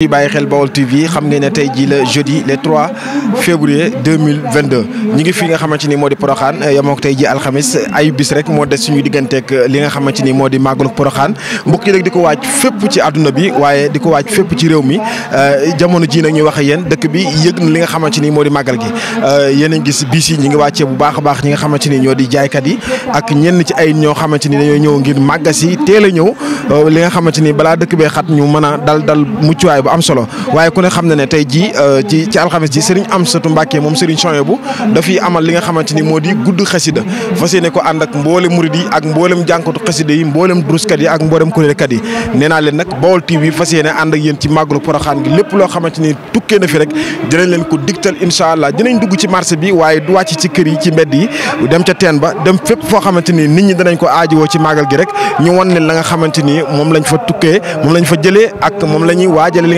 di bàyyi xel Baol TV xam ngeen ne tey jii la jeudi le 3 février 2022 ñu ngi fi nga xamante ni moo di Porokhane eh, yemoo ko tey jii alxamis ay bis rek moo des suñu digganteeg eh, li nga xamante ni moo di màggalu Porokhane mbokk yi rek di ko waaj fépp ci àdduna bi waaye di ko waaj fépp ci réew mi eh, jamono jii nag ñuy wax ak yéen dëkk bi yëg li nga xamante ni moo di màggal gi yéen a ngi gis bis yi ñu ngi wàccee bu baax a baax ñi nga xamante ni ñoo di jaaykat yi ak ñenn ci ay ñoo xamante ni dañoo ñëw ngir màggas yi teel a ñëw li nga xamante ni balaa dëkk bee xat ñu mën a dal dal muccuwaay bu am solo waaye ku ne xam na ne tey jii euh, ci ci alxames ji Serigne Amsatou Mbacke moom Serigne Souhaïbou dafiy amal li nga xamante gi lépp loo xamante ni tukkee na moom lañ fa tukkee moom lañ fa jëlee ak moom lañuy waajale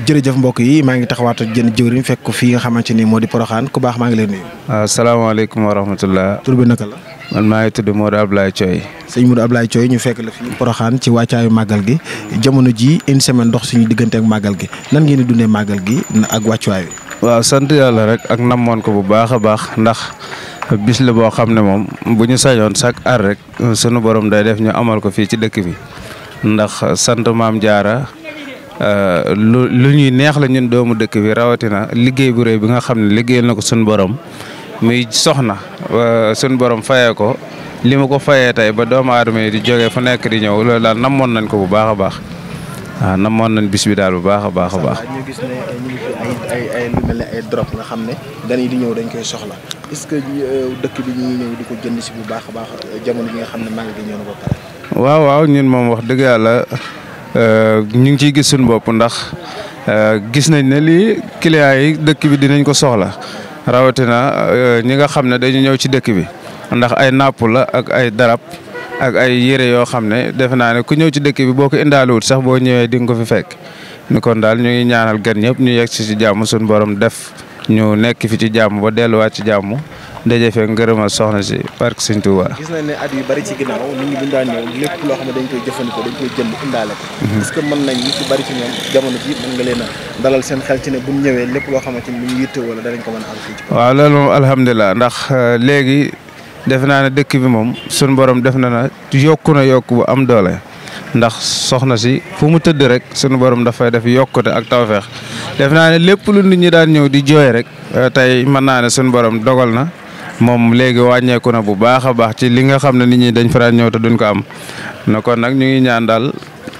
jërëjëf mbokk yi maa ngi taxawaat ak jën jëwriñ fekk ko fii nga xamante ni moo di Porokhane ku baax maa ngi leen nuyu. waaw salaamaaleykum wa rahmatullah. naka la. man maa ngi tudd Modou Ablaye Thioye. sëñ Modou Ablaye Thioye ñu fekk la fii poroxaan ci wàccaayu màggal gi jamono ji une semaine ndox suñu diggante ak màggal gi nan ngeen di dundee màggal gi ak wàccuwaay waa sant yàlla rek ak moon ko bu baax a baax ndax bis la boo xam ne moom bu ñu sañoon chaque at rek sunu borom day def ñu amal ko fii ci dëkk bi ndax sant maam jaara Euh, lu lu ñuy neex la ñun doomu dëkk bi rawatina liggéey bu rëy bi nga xam ne liggéey na ko suñu borom muy soxna euh, suñu borom fayee ko li ma ko fayee tey ba doomu aadama yi di jógee fu nekk di ñëw loolu daal namoon nañ ko bu baax a baax waaw ah, namoon nañ bis daal bu baax a baax a baax. ñu gis ne ñu ay ay ay drop nga xam ne dañuy di ñëw dañ koy soxla est-ce que euh, dëkk bi ñu ngi ñëw di ko jënd si bu baax a baax jamono bi nga xam ne maa ngi di ñëw ba pare. waaw waaw ñun moom wax dëgg yàlla. Euh, ñu ngi ciy gis suñu bopp ndax euh, gis nañ ne lii clients yi dëkk bi dinañ ko soxla rawatina euh, ñi nga xam ne dañu ñëw ci dëkk bi ndax ay napp la ak ay darap ak ay yére yoo xam ne defe naa ne ku ñëw ci dëkk bi boo ko indaaliwut sax boo ñëwee di nga ko fi fekk ni kon daal ñu ngi ñaanal gan ñëpp ñu yegg si ci jàmm suñu borom def ñu nekk fi ci jàmm ba delluwaat ci jàmm. daje fee ngërëmal soxna si barke Sëñ Tuuba. gis nañ ne at bari ñu daan ñëw lépp loo ne dañ koy jëfandikoo dañ koy jënd indaale mhm. jamono ji mën a dalal seen xel ci ñëwee lépp loo xamante ni bu ñu a am fii ci. waaw loolu moom alhamdulilah ndax euh, léegi defe naa ne dëkk bi moom suñu borom def na na yokku na yokk bu am doole ndax soxna si foo mu tëdd rek sunu borom dafay def yokkute ak tawfeex def naa ne lépp lu nit ñi daan ñëw di jooy rek euh, tey mën naa ne sunu borom dogal na moom léegi wàññeeku na bu baax a baax ci li nga xam ne nit ñi dañ faral ñëw ta duñ ko am na kon nag ñu ngi ñaan daal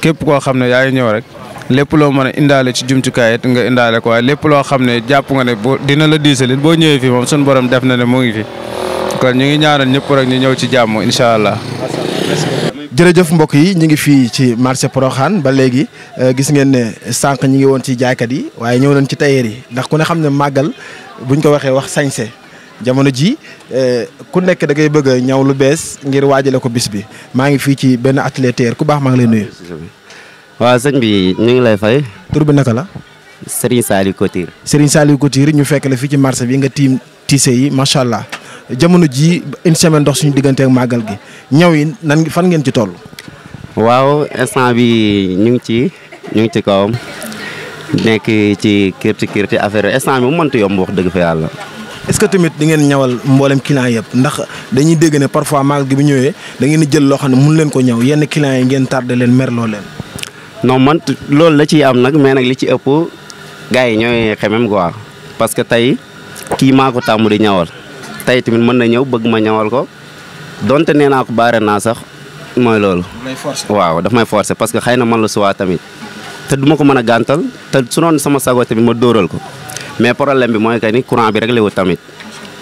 képp koo xam ne yaa ngi ñëw rek lépp loo mën a indaale ci jumtukaay it nga indaale ko waaye lépp loo xam ne jàpp nga ne boo dina la diisalit boo ñëwee fii moom suñu borom def na ne mu ngi fi kon ñu ngi ñaanal ñëpp rek ñu ñëw ci jàmm incha allah. jërëjëf mbokk yi ñu ngi fii ci marché Porokhane ba léegi euh, gis ngeen ne sànq ñu ngi woon ci jaaykat yi waaye ñëw nañ ci tailleur yi ndax ku xam ne màggal buñ ko waxee wax sañse jamono ji eh, ku nekk da ngay bëgg a ñaw lu bees ngir waajale ko bis bi maa ngi fii ci benn atelier ku baax maa ngi lay nuyu. waaw sëñ bi ñu ngi lay fay. tur bi naka la. Serigne Saliou Couture. Serigne Saliou Couture ñu fekk la fii ci marché bi nga tiim tiise yi macha allah jamono ji une semaine dox suñu diggante ak màggal gi ñaw yi nan fan ngeen ci toll. waaw instant bi ñu ngi ci ñu ngi ci kawam nekk ci kirti kirti affaire instant bi mu mënti yomb wax dëgg fa yàlla. est-ce que tamit di ngeen ñawal mboolem client yëpp ndax dañuy dégg ne parfois magal gi bu ñëwee da ngeen di jël loo xam ne mun leen ko ñëw yenn clients yi ngeen tardé leen merloo leen. non man loolu la ciy am nag mais nag li ci ëpp gars yi ñooy xemem quoi parce que tey kii maa ko tàmm di ñawal tey tamit mën na ñëw bëgg ma ñawal ko donte nee naa ko baare naa sax mooy loolu. waaw daf may forcer parce que xëy na man la suwaa tamit te duma ko mën a gàntal te su noonu sama sago tamit ma dóoral ko. mais problème bi mooy que ni courant bi réglé wu tamit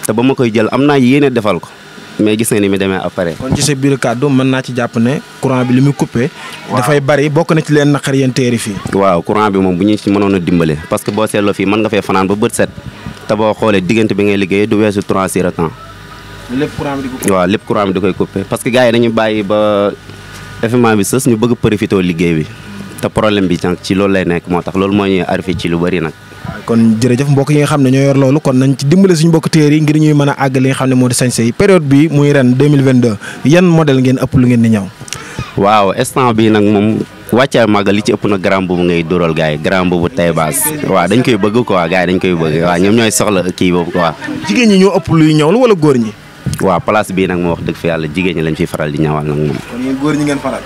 te ba ma koy jël am naa yéene defal ko mais gis na ni mi demee après. kon ci sa biir kàddu mën naa ci jàpp ne courant bi li muy coupé. dafay bari bokk na ci leen naqar yéen téeri fii. waaw courant bi moom bu ñu ci mënoon a dimbale parce que boo seetloo fii mën nga fee fanaan ba bët set te boo xoolee diggante bi ngay liggéey du weesu trois heures de temps. lépp courant bi di coupé waaw lépp courant bi di koy coupé parce que gars yi dañu bàyyi ba effectivement bi sës ñu bëgg profité liggéey bi. te problème bi nag ci loolu lay nekk moo tax loolu mooy ñuy arrivé ci lu bari nag. kon jërëjëf mbokk yi nga xam ne ñoo yor loolu kon nañ ci dimbale suñu mbokk téer yi ngir ñuy mën a àgg li xam ne moo di sañse yi bi muy ren 2022 yan modèle ngeen ëpp lu ngeen di ñëw. waaw instant bi nag moom wàccaay màggal li ci ëpp na grand boobu ngay dóoral gars yi grand boobu tay baas waaw dañ koy bëgg quoi gars yi dañ koy bëgg waaw ñoom ñooy soxla kii boobu quoi. jigéen ñi ñoo ëpp luy la wala góor ñi. wa place bi nak mo wax deug fi yalla jigen ñi lañ fi faral di ñawal nak mom kon yéen ñi ngeen faral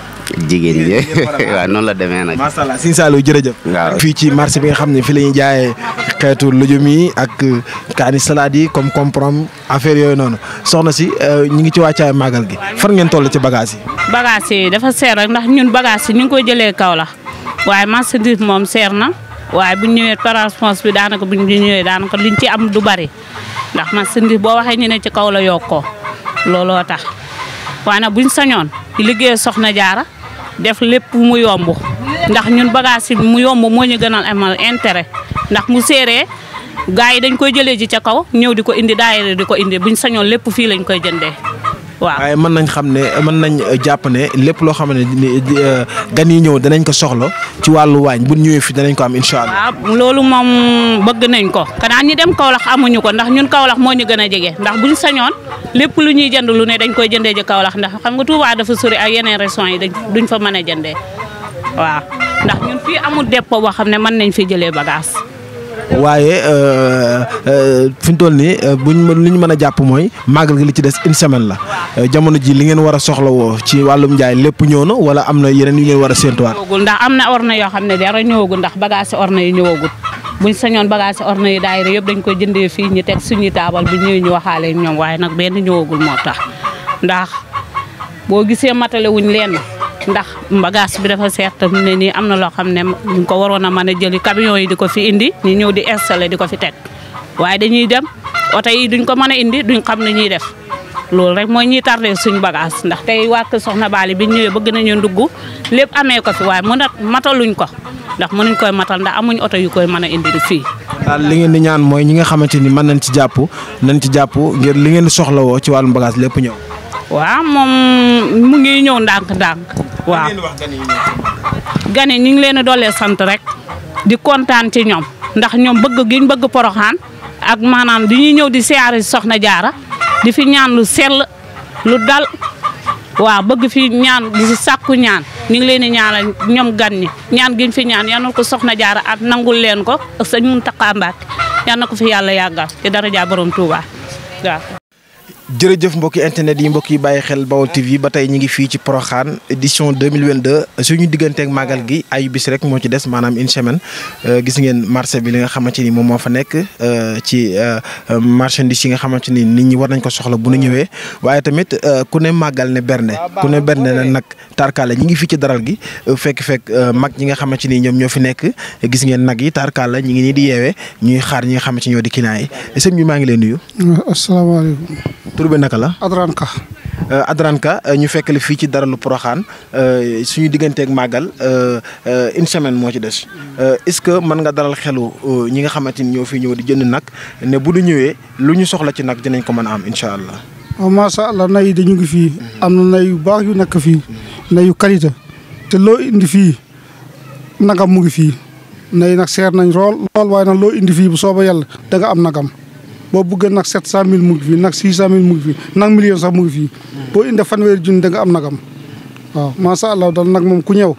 jigen ñi wa non la demee nag macha allah sin saalu jërëjëf waaw fii ci marché bi nga xamni fi la jaayé jaayee xeetu lujum yi ak euh, kani salade yi comme comprom affaire yoy non soxna ci euh, ñi ngi ci waccay magal gi far ngeen toll ci bagage yi bagage yi dafa sér rek ndax ñun bagage yi ñu ngi koy jëlee kaw la waaye marchandise moom seer na waaye bu ñëwé transport bi daanaka bu ñu ñëwee daanaka liñ ci am du bari ndax man sa ndi boo waxee ñu ne ci kaw la yokkoo looloo tax waa nag buñ sañoon liggéey soxna jaara def lépp mu yomb ndax ñun bagage mu yomb moo ñu gënal amal intérêt ndax mu séeree gars yi dañ koy jëlee ji ca kaw ñëw di ko indi daayira di ko indi buñ sañoon lépp fii lañ koy jëndee waaw waaye mën nañ xam ne mën nañ euh, jàpp ne lépp loo xam ne euh, gan yi ñëw danañ ko soxla ci wàllu waañ bu ñëwee fi danañ ko am incha allah. loolu moom bëgg nañ ko xanaa ñi dem Kaolack amuñu ko ndax ñun Kaolack moo ñu gën a jege ndax buñ sañoon lépp lu ñuy jënd lu ne dañ koy jëndee ji Kaolack ndax xam nga Touba dafa sori ak yeneen régions yi duñ fa mën a jëndee waaw ndax ñun fii amul dépôt boo xam ne mën nañ fi jëlee bagage waaye euh, euh, fi ñu toll nii euh, buñ li ñu mën a jàpp mooy màggal gi li ci des une semaine la jamono ji li ngeen war a soxlawoo ci wàllum njaay lépp ñëw na wala am na yeneen yu ngeen war a séentuwaat. ndax am na orne yoo xam ne dara ñëwagul ndax bagage orne yi ñëwagul buñ sañoon bagage orne yi daayira yëpp dañ koy jëndee fii ñu teg suñuy taabal bu ñëwee ñu waxaale ñoom waaye nag benn ñëwagul moo tax ndax boo gisee matale wuñ leen ndax bagage bi dafa seet ne nii am na loo xam ne ñu ko waroon a mën a jëli camion yi di ko fi indi ñu ñëw di installé di ko fi teg waaye dañuy dem oto yi duñ ko mën a indi duñ xam ne ñuy def loolu rek mooy ñuy tardé suñu bagage ndax tey waa Soxna Bally bi ñëwee bëgg nañu ndugg lépp amee ko fi waaye mën a mataluñ ko ndax mënuñ koy matal ndax amuñ oto yu koy mën a indi fii. daal li ngeen di ñaan mooy ñi nga xamante ni mën nañ ci jàpp nañ ci jàpp ngir li ngeen di soxlawoo ci wàllum bagage lépp ñëw. waaw moom mu ngi ñëw ndànk-ndànk. waaw gan yi ñu ngi leen a doolee sant rek di kontaan ci ñoom ndax ñoom bëgg gi bëgg poroxaan ak maanaam di ñuy ñëw di siyaare soxna jaara di fi ñaan lu sel lu dal waaw bëgg fi ñaan di si sàkku ñaan ñu ngi leen di ñaanal ñoom gan ñi ñaan giñ fi ñaan yanul ko soxna jaara at nangul leen ko ak sëñ Muntaxa Mbàkke yal ko fi yàlla yàggal ci dara borom Tuuba waaw jërëjëf mbokki internet yi mbokk yi bàyyi xel Baol TV ba tey ñu ngi fi ci proxane edition 2022 suñu ak magal gi ayu bis rek mo ci dess manam une semaine euh, gis ngeen marché bi li nga xamanteni ni mo fa nek euh ci euh, marchandise yi nga xamanteni nit ñi war nañ ko soxla bu ñu ñëwé waye tamit euh, ku ne magal ne berne ku ne berne nak nag tarkaale ñi ngi fi ci daral gi fekk fekk mag ñi nga xamanteni ñom ñofi nek gis ngeen nak yi tarkala ñi ngi ni di yewé ñuy xaar ñi nga xamanteni ñoo di kinaay sëñ bi ma ngi leen nuyu. alaykum tur bi naka la. Adran Ka. Euh, euh, ñu fekk la fii ci daralu Poroxaan euh, suñu digganteek màggal une semaine moo ci des est-ce que mën nga dalal xelu ñi nga xamante ni ñoo fi ñëw di jënd nag ne bu du ñëwee lu ñu soxla ci nag dinañ ko mën a am incha allah. waaw oh, macha allah nay dañu ngi fii mhm. am na nay yu baax yu nekk fii mhm. nay yu qualité te loo indi fii nagam mu ngi fii nay nag seer nañ lool lool waaye nag loo indi fii bu sooba yàlla da am nagam. boo bëggee nag sept cent mille mu ngi fii nag six cent mille mu ngi fii nag million sax mu ngi fii boo inde fanweeri junni da nga am nagam waaw macha allah daal nag moom ku ñëw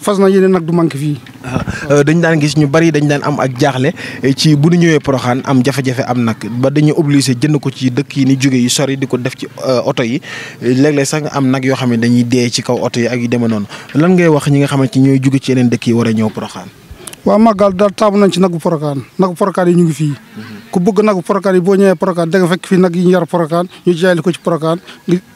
fas na yéene nag du manqué fii ah, ah, dañ daan gis ñu bari dañ daan am ak jaaxle eh, ci bu ñu ñëwee Poroxaan am jafe-jafe am nag ba dañuy obligé jënd ko ci dëkk yi ni jóge yi sori di ko def ci euh, oto yi eh, léeg-léeg sax nga am nag yoo xam ne dañuy dee ci kaw oto yi ak yu demee noonu lan ngay wax ñi nga xamante ñooy jóge ci yeneen dëkk yi war a ñëw Poroxaan wa magal darta taamu nañ ci nagu porokan nagu porokan yi ñu ngi fi ku bëgg nagu porokan yi bo ñëwé porokan da nga fekk fi nag yi ñu yar porokan ñu jaali ko ci porokan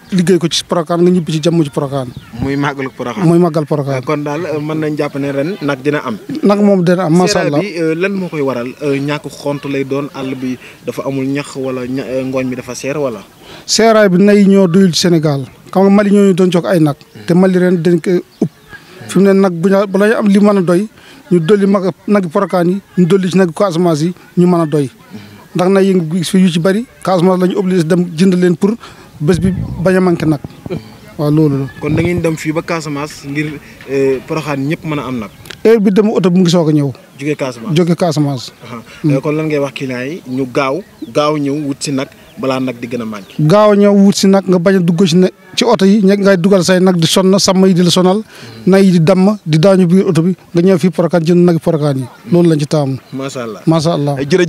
liggéey ko ci porokan nga ñibbi ci jëm ci porokan muy porokan muy magal porokan kon dal euh, mën nañ japp ne ren nag dina am nak mom dina am macha allah bi euh, lan mo koy waral euh, ñaak xontu lay doon all bi dafa amul ñax wala ngoñ bi dafa sér wala séray bi nay ñoo duul ci Sénégal xam nga Mali ñoo ñu doon jox ay nak te Mali ren dañ ko upp bu ñu am li mëna doy ñu dolli mag nag porokaan yi ñu dolli ci nag Casamance yi ñu mën a doy ndax nag yëngu fi yu ci bëri Casamance la ñu obligé dem jënd leen pour bés bi bañ a manqué nag waaw loolu la. kon da ngeen dem fii ba Casamance ngir euh, porokaan ñëpp mën a am nag. heure bi dem oto bi mu ngi soog a ñëw. jóge Casamance jóge Casamance. Euh, kon lan ngay wax client yi ñu gaaw gaaw ñëw wut a manqué. gaaw ñëw si nag nga bañ dugg si ne ci oto yi ña ngay dugal say nag di sonn sàmm yi di la sonal. Mhm. nay yi di di daañu biir oto bi nga ñëw fii Porokhane jënd nag Porokhane yi. Mhm. loolu lañ ci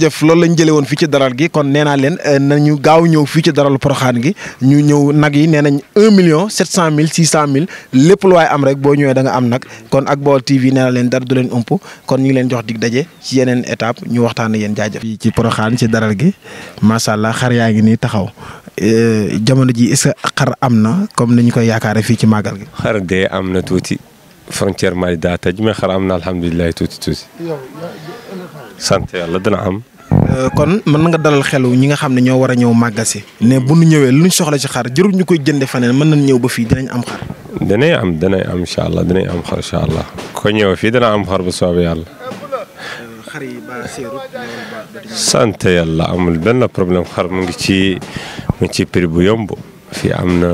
eh, lañ jëlee woon fii ci daral gi kon nee naa leen eh, nañu gaaw ñëw fii ci daral Porokhane gi ñu ñëw nag yi nee nañ un million sept cent mille six cent mille lépp lu waay am rek boo ñëwee da am nag kon ak Baol TV nee leen dara du leen ëmp kon ñu ngi leen jox dig daje ci yeneen étape ñu waxtaan ak yéen jaajëf. fii ci Porokhane ci daral gi macha allah xar yaa ngi nii taxaw eh, jamono ji est xar am na comme ni ñu koy yaakaaree fii ci màggal gi. xar de am na tuuti frontière Mali daa tëj mais xar am na alhamdulilah tuuti tuuti. sant yàlla dina am. Eh, kon mën nga dalal xelu ñi nga xam ne ñoo war a ñëw màggasi ne bu nu ñëwee luñ soxla ci xar jërul ñu koy jënde faneen mën nañ ñëw ba fii dinañ am xar. danay am danay am incha allah danay am xar incha allah ko ñëw fii dana am xar bu soobee yàlla. xar yi ba seerut sant yàlla amul benn problème xar mu ngi ci mu ngi ci prix bu yomb fii am na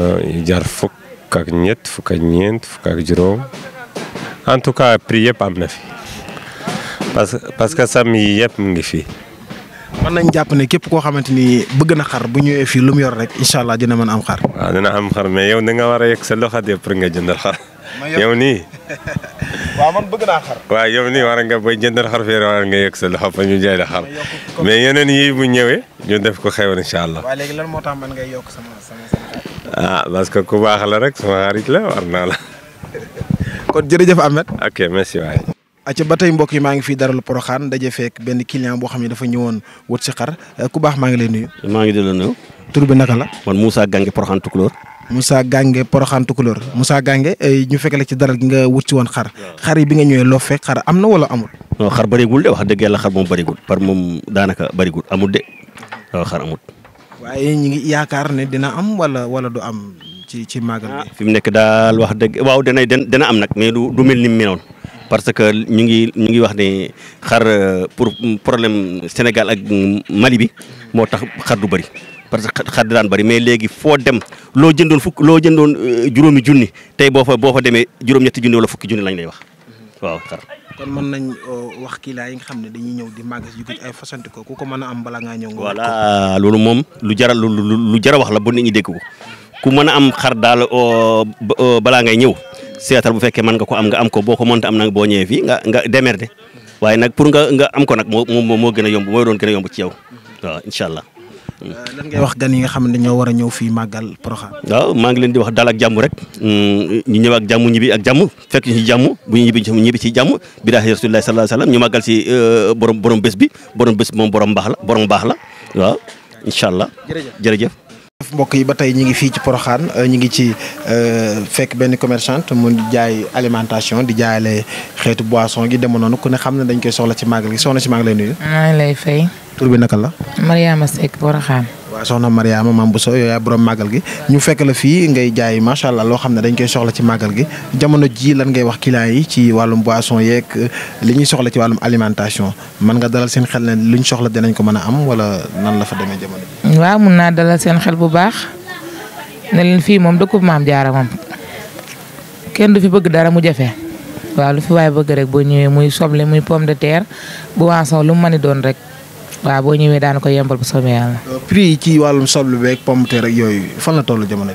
jar fukk ak ñett fukk ak ñeent fukk ak juróom en tout cas prix yëpp am na fi parce que parce que sam yi yëpp mu ngi fii mën nañ jàpp ne képp koo xamante ni bëgg na xar bu ñëwee fii lu mu yor rek allah dina mën am xar. waaw dina am xar mais yow nga war a sa loxo de pour nga jëndal xar. yow nii. waaw man bëgg naa xar. waaw yow nii war nga bay jëndal xar nga sa ñu la xar mais yeneen yi bu ñu def ko allah. waaw lan moo tax man ngay sama sama ah parce que ku baax la rek sama la war naa la. kon jërëjëf Ahmed. ok merci waay. acca ba tey mbokk yi maa ngi fii daralu Porokhane daje fekk benn client boo xam ne dafa ñëwoon wët si xar eh, ku baax maa ngi leen nuyu. maa ngi di la nuyu. tur bi naka la. man Moussa Gange Porokhane Tukulóor. Moussa Gange Porokhane Tukulóor Moussa Gange eh, ñu fekk la ci daral gi nga wut si woon xar xar yi bi nga ñëwee loo fekk xar am na wala amul. xar bëriwul de wax dëgg yàlla xar moom bëriwul par moom daanaka bëriwul amul de waaw xar amul. waaye ñu ngi yaakaar ne dina am wala wala du am ci ci màggal. Ah, fi mu nekk daal wax dëgg waaw danay dana am nag mais du du mel ni mu parce que ñu ngi ñu ngi wax ne xar euh, pour problème Sénégal ak Mali bi moo tax xar du bëri parce que xar daan bari mais léegi foo dem loo jëndoon fukk loo jëndoon euh, juróomi junni tey boo fa boo fa demee juróom-ñetti junni wala fukki junni lañu lay wax mhm. waaw xar. kon mën nañ euh, wax kiilaa yi nga xam ne dañuy ñëw di màgg si ay fasante ko ku ko mën a am bala ngaa ñëw. voilà loolu moom lu jar lu lu a wax la bu nit ñi dégg ku mën a am xar daal balaa ngay ñëw. seetal bu fekkee man nga ko am nga am ko boo ko mënta am nag boo ñëwee fii nga nga démerde waaye nag pour nga nga am ko nag moo moo moo gën a yomb moo doon gën a yomb ci yow waaw incha allah. Euh, lan ngay wax gan yi nga xam ne dañoo war a ñëw fii màggal Porokhane. waaw maa ngi leen di wax dal ak jàmm rek mm, ñu ñëw ak jàmm ñibbi ak jàmm fekk ñu bu ñu ñibbi ñibbi ci jàmm bi daal rasulullah sallallahu alayhi wasallam ñu màggal si euh, borom borom bés bi borom bés moom borom baax la borom baax la waaw incha allah. mbok yi batay ñi ngi fi ci Porokhane euh, ñi ngi ci euh, fekk ben commerçante mu jaay alimentation di jaayale xéetu boisson gi demo noonu ku ne xamna dañ koy soxla ci magal gi soxna ci magal lay nuyu. ay ya lay fay. tour bi nakala Mariama sek Porokhane. wa soxna Mariama maam Bousso yow yaa borom magal gi ñu fekk la fi ngay jaay allah dañ koy soxla ci magal gi jamono ji lan ngay wax client yi ci walum boisson yek euh, li ñi soxla ci walum alimentation man nga dalal seen xel ne luñ soxla dinañ ko mëna am wala nan la fa démé jamono waaw mun naa dalal seen xel bu baax na leen fii moom dëkkub maam jaara moom kenn du fi bëgg dara mu jafe waaw lu fi waaye bëgg rek boo ñëwee muy soble muy pomme de terre bu waasaw lu mu mën doon rek waaw boo ñëwee daan ko yembal bu soobee yàlla. Euh, prix yi ci wàllum soble beeg pomme de terre yooyu fan la toll jamono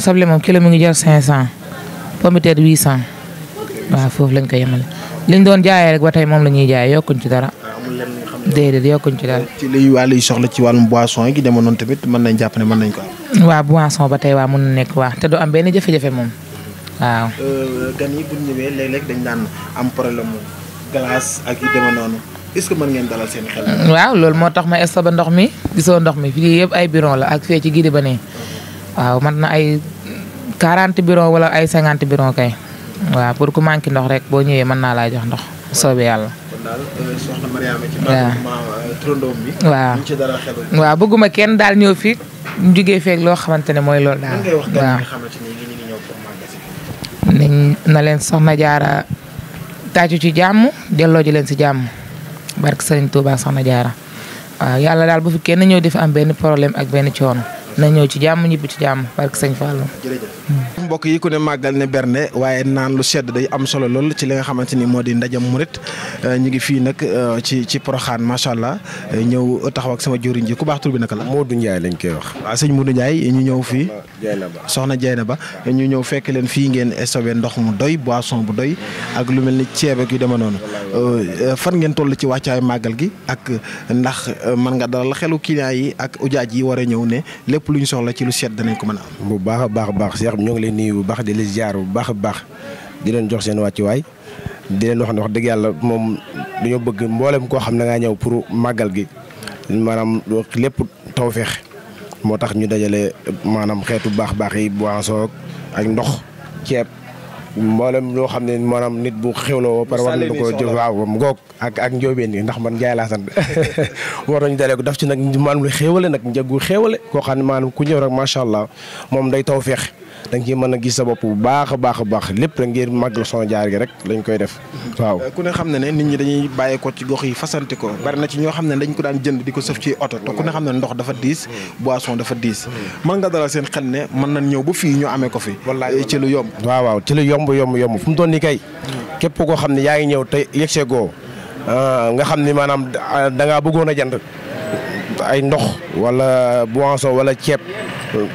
soble moom kilo mu ngi jar 500 pomme de terre 800 waaw foofu lañ ko yemale liñ doon jaayee rek ba tey moom la ñuy jaayee yokkuñ ci dara. Ah, déedéet yokkuñ ci dal ci li wàll soxla ci wàllum boisson yi gi non tamit man nañ japp ne man nañ ko wa boisson ba tay wa mën na nek wa te do am benn jafe mom wa euh gan yi bu ñëwé ñëwee léeg dañ nan am problème glace ak yi demee non est-ce que man ngeen dalal seen xel. waaw loolu moo tax ma ba ndox mi gisoo ndox mi fi yépp ay bureau la ak fi ci gidi bané wa man na ay 40 bureau wala ay 50 bureau kay wa pour ku manki ndox rek bo ñëwé man na la jox ndox sobe yalla daal euh, waaw euh, waaw bëgguma kenn daal ñëw fii ñu jógee loo xamante ne mooy loolu daal waaw nañ na leen soxna jaara tàccu ci jàmm delloo ji leen ci jàmm barke Sëriñ Tuubaa soxna jaara waaw yàlla daal bu fi kenn ñëw di fi am benn problème ak benn coono na ñëw ci jàmm ñibbi ci jàmm barke sëñ Fallou. jërëjëf mbokk yi ku ne màggal ne bernde waaye naan lu sedd day am solo lool ci li nga xamante ni moo di ndajam murit euh, ñu ngi fii nag euh, ci ci Porokhane macha allah euh, ñëw taxaw ak sama jëriñ ji ku baax tur bi naka la. Modou Ndiaye lañ koy wax. ñu soxna Ba ñu ñëw fekk leen fii ngeen stocké ndox mu doy boisson bu doy ak lu mel ni ak yu deme noonu fan ngeen toll ci gi ak ndax mën nga dalal xelu client yi ak ujaaj yi war a ne lu ñu soxla ci lu seet nañ ko mën a am. bu baax a baax a baax Cheikh ñoo ngi leen nuyu bu baax di leen ziar bu baax a baax di leen jox seen wàccuwaay di leen wax ne wax dëgg yàlla moom dañoo bëgg mboolem koo xam ne ngaa ñëw pour màggal gi maanaam lépp tawféex moo tax ñu dajale maanaam xeetu baax baax yi boisson ak ndox ceeb. mboolem loo xam ne maanaam nit bu xewloo par war na ko jëf waaw ak ak njóobeen yi ndax man Njaay laa sant war nañu dalee ko daf ci nag maanaam lu xéewale nag njagu xéewale koo xam ne ku ñëw rek macha allah moom day tawfeex da nga mën a gis sa bopp bu baax a baax baax lépp rek ngir màggal Soxna jaar gi rek lañ koy def waaw euh, ku ne xam ne ne nit ñi dañuy bàyyi ko ci gox yi fasante ko bari na ci ñoo xam ne dañ ko daan jënd di ko sëf oto mm. te ku xam ne ndox dafa diis mm. boisson dafa diis mm. mën nga dalal seen xel ne mën nañ ñëw ba fii ñu amee ko fi eh, ci lu yomb waaw waaw ci yomb yomb yomb fu mu toll nii kay képp koo xam ne yaa ngi ñëw te yegsee goo euh, nga xam ni maanaam da euh, bëggoon a jënd ay ndox walla boisson wala ceeb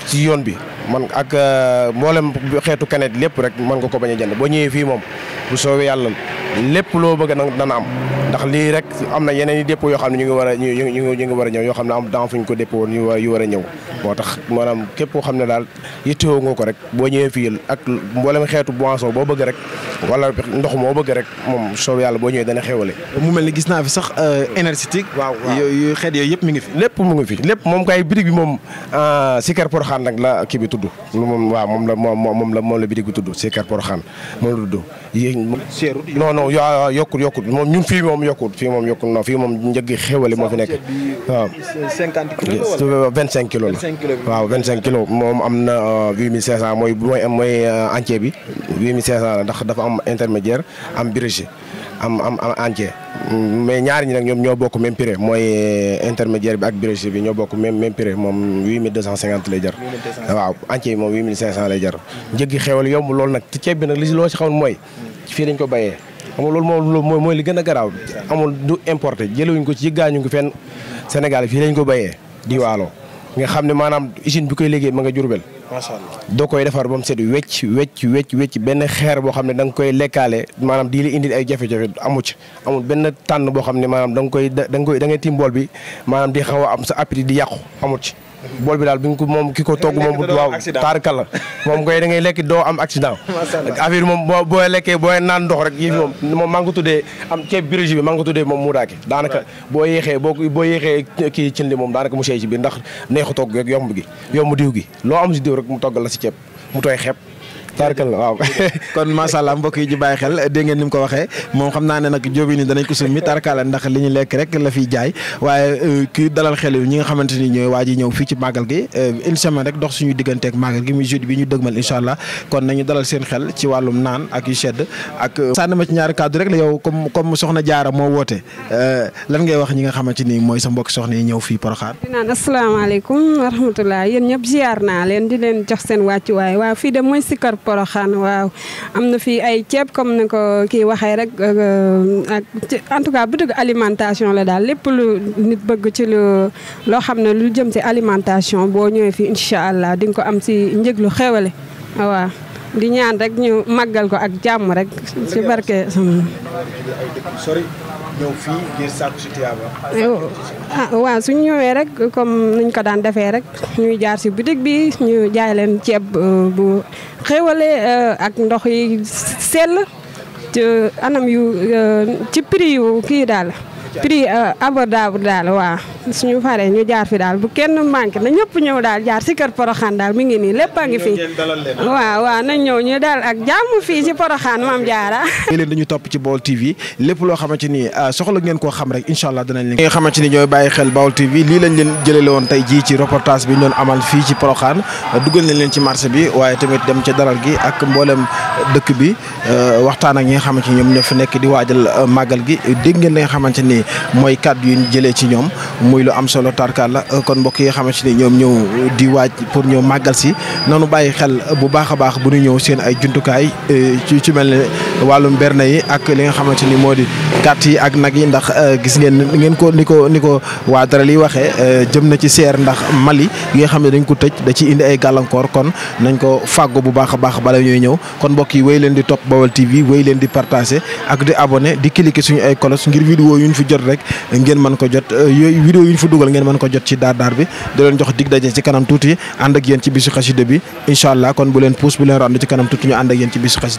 ci yoon bi man ak euh, mboolem xetu kanet lepp rek man nga ko baña jënd bo ñëwee fi mom bu soowé yalla lépp loo bëgg nag dana am ndax lii rek am na yeneen i dépôt yoo xam ne ñu ngi war a ñu ngi ñu ngi war a ñëw yoo xam ne am daan fu ñu ko dépôt yu war ñëw moo tax daal yittewoo nga ko rek boo ñëwee fii ak xeetu boisson boo bëgg rek wala ndox moo bëgg rek moom soob yàlla boo ñëwee dana xewale mu mel ni gis naa fi sax euh, énergétique waaw yooyu xeet yëpp mi ngi fi lépp mu ngi fi lépp moom kay bitig bi moom euh, Sikar Poroxaan nag la kii bi tudd moom waaw moom la moom la moom la bitig bi tudd Sikar Poroxaan moom la tudd non non non yokkul yokkul moom ñun fii moom yokkul fii moom yokkul non fii moom njëggi xéwale moo fi nekk waaw. 50 kilos la wala 25 kilos la. 25 kilos waaw 25 kilos moom am na 8500 euh, mooy mooy mooy euh, entier bi 8500 la ndax dafa am intermédiaire am am am am entier mais ñaari ñi nag ñoo bokk même prix mooy euh, intermédiaire bi ak bréché bi ñoo bokk même même prix moom 8250 lay jar. 8250 waaw entier bi loolu nag te ceeb bi nag li si loo mooy. fii lañ ko bayee. xam nga loolu moom mooy li gën a garaaw amul du importé jëlewuñ ko ci gaañu ngi fenn Sénégal fii lañ ko bayee di waalo nga xam ne maanaam usine bi koy liggéey ma nga jurubeel macha allah doo koy defar ba mu set wecc wecc wecc wecc benn xeer boo xam ne da nga koy lekkaale maanaam dii la indil ay jafe-jafe amu ci amul benn tànn boo xam ne maanaam da nga koy da nga koy da ngay tiim bi maanaam di xaw am sa appétit di yàqu amu ci bool bi daal bi nga ko moom ki ko togg moom waaw taarkalla moom koy da ngay lekk doo am accident affaire moom boo boo lekkee boo naan ndox rek yëf moom moom maa tuddee am ceeb birigi bi maa ngi tuddee moom muudaake daanaka boo yéexee boo boo yéexee kii cin li moom daanaka mu seey ci biir ndax neexu togg yomb gi yomb diw gi loo am si diw rek mu toggal la si ceeb mu tooy xepp tarkal waaw kon macha allah mbokk yi ñu bàyyi xel dégg ngeen ni mu ko waxee moom xam naa ne nag jóobi ni danañ ko sumi tarkala ndax li ñu lekk rek la fi jaay waaye euh, kii dalal xel yi ñi nga xamante ni ñooy waa ji ñëw fii ci màggal gi euh, une semaine rek dox suñu ak màggal gi muy jeudi bi ñu dëgmal incha allah kon nañu dalal seen xel ci wàllum naan ak yu sedd ak euh, sànni ma ci ñaari kàddu rek la yow comme comme soxna jaara moo woote lan ngay wax ñi nga xamante ni mooy sa mbokk soxna yi ñëw fii Porokhane dinaan asalaamaaleykum wa rahmatullah yéen ñëpp ziar naa leen di leen jox seen wàccuwaay waaw fii de mooy sikar Poroxaan waaw am na fii ay ceeb comme ni ko kii waxee rek euh, euh, ak en tout cas boutique alimentation la daal lépp lu nit bëgg ci lu loo xam ne lu jëm si alimentation boo ñëwee fii incha allah di nga ko am si njëg lu xéwale waaw di ñaan rek ñu màggal ko ak jàmm rek ci barke sama ñëw fii ngir ah, waaw suñ ñëwee rek comme nuñ ko daan defee rek ñuy jaar si boutique bi ñu jaay leen ceeb euh, bu xéwale euh, ak ndox yi sell ci anam yu euh, ci prix yu kii daal. prix euh, abordable daal waaw suñu faree ñu jaar fi daal bu kenn manqué na ñëpp ñëw daal jaar si kër Poroxaan daal mi ngi nii lépp a ngi fi waaw waaw nañ ñëw ñu daal ak jàmm fii si Poroxaan maam jaara léegi leen dañu topp ci Baol TV lépp loo xamante ni euh, soxla ngeen koo xam rek incha allah danañ leen nga xamante ni ñooy bàyyi xel Baol TV lii lañ leen jëlale woon tey jii ci reportage bi ñu doon amal fii ci Poroxaan duggal nañ leen ci marché bi waaye tamit dem ca daral gi ak mboolem dëkk bi euh, waxtaan ak ñi nga xamante ni ñoom ñoo fi nekk di waajal màggal gi dégg ngeen li nga xamante ni ni mooy kàddu yu ñu jëlee ci ñoom muy lu am solo tarkaal la kon mbokk yi nga xamante ni ñoom ñëw di waaj pour ñëw màggal si nanu bàyyi xel bu baax a baax bu ñu ñëw seen ay jumtukaay euh, ci ci mel ne wàllum berne yi ak li nga xamante ni moo di kàtt yi ak nag yi ndax euh, gis ngeen ngeen ko ni ko ni ko waa dara li waxee euh, jëm na ci seer ndax Mali yi nga xam ne dañ ko tëj da ci indi ay gàllankoor kon nañ ko fàggu bu baax a baax bala ñuy ñëw kon mbokk yi wéy leen di topp Baol TV wéy leen di partager ak di abonné di cliquer suñu ay kolos ngir vidéo yuñ fi jot rek ngeen mën ko jot euh, yooyu vidéo yi ñu ngeen mën ko jot ci daar daar bi di leen jox dig daje ci kanam tuuti ànd ak yéen ci bisu xasida bi incha allah kon bu leen puus bu leen rànd ci kanam tuuti ñu ànd ak yéen ci bisu xasida